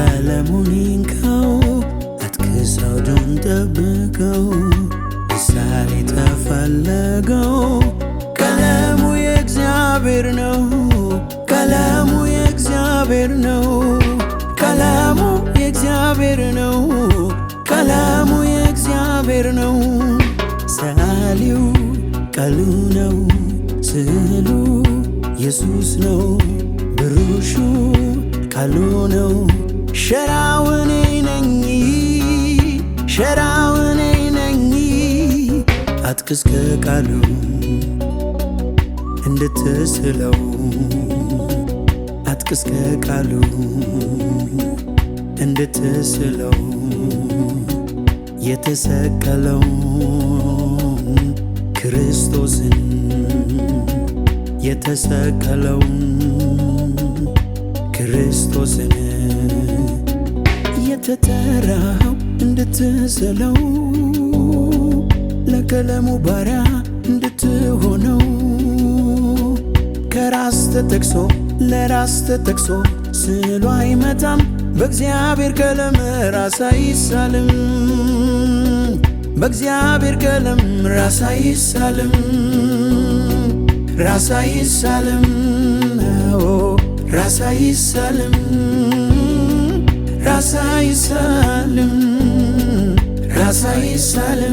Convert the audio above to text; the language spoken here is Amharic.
ቀለሙን ይንከው አትክሰው ደም ጠብቀው ምሳሌ ተፈለገው ቀለሙ የእግዚአብሔር ነው ቀለሙ የእግዚአብሔር ነው ቀለሙ የእግዚአብሔር ነው ቀለሙ የእግዚአብሔር ነው ሰዓሊው ቃሉ ነው ስዕሉ ኢየሱስ ነው ብሩሹ ቃሉ ነው ሸራው እኔ ነኝ ሸራው እኔ ነኝ አትክስ ከቃሉ እንድትስለው አትክስ ከቃሉ እንድትስለው የተሰቀለው ክርስቶስን የተሰቀለው ክርስቶስን ለተጠራኸው እንድትስለው ለቀለሙ ባሪያ እንድትሆነው ከራስ ተጠቅሶ ለራስ ተጠቅሶ ስዕሉ አይመጣም በእግዚአብሔር ቀለም ራስ አይሳልም በእግዚአብሔር ቀለም ራስ አይሳልም ራስ አይሳልም ራስ አይሳልም ራስ አይሳልም ራስ አይሳልም